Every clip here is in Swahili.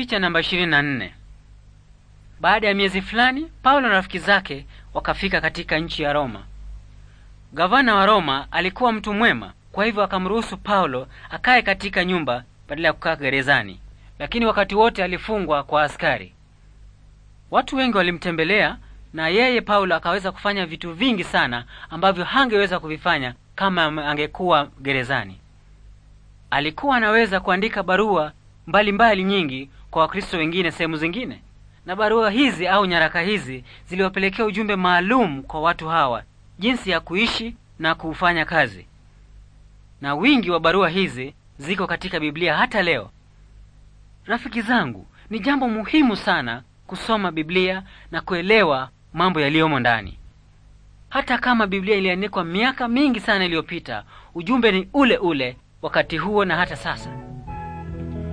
Picha namba 24. Baada ya miezi fulani, Paulo na rafiki zake wakafika katika nchi ya Roma. Gavana wa Roma alikuwa mtu mwema, kwa hivyo akamruhusu Paulo akae katika nyumba badala ya kukaa gerezani, lakini wakati wote alifungwa kwa askari. Watu wengi walimtembelea na yeye Paulo akaweza kufanya vitu vingi sana ambavyo hangeweza kuvifanya kama angekuwa gerezani. Alikuwa anaweza kuandika barua mbalimbali mbali nyingi kwa Wakristo wengine sehemu zingine, na barua hizi au nyaraka hizi ziliwapelekea ujumbe maalum kwa watu hawa, jinsi ya kuishi na kufanya kazi, na wingi wa barua hizi ziko katika Biblia hata leo. Rafiki zangu, ni jambo muhimu sana kusoma Biblia na kuelewa mambo yaliyomo ndani. Hata kama Biblia iliandikwa miaka mingi sana iliyopita, ujumbe ni ule ule wakati huo na hata sasa.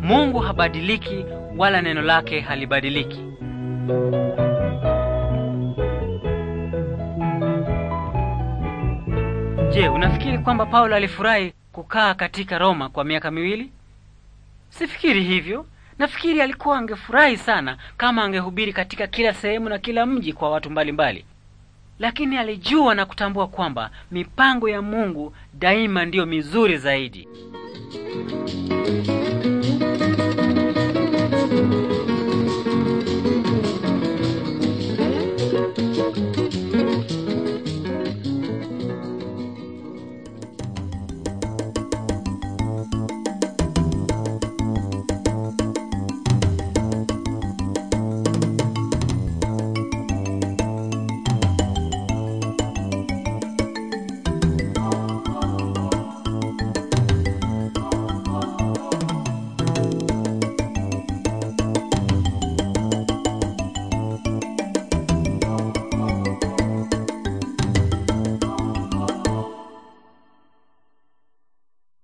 Mungu habadiliki wala neno lake halibadiliki. Je, unafikiri kwamba Paulo alifurahi kukaa katika Roma kwa miaka miwili? Sifikiri hivyo. Nafikiri alikuwa angefurahi sana kama angehubiri katika kila sehemu na kila mji kwa watu mbalimbali mbali. Lakini alijua na kutambua kwamba mipango ya Mungu daima ndiyo mizuri zaidi. Thank you.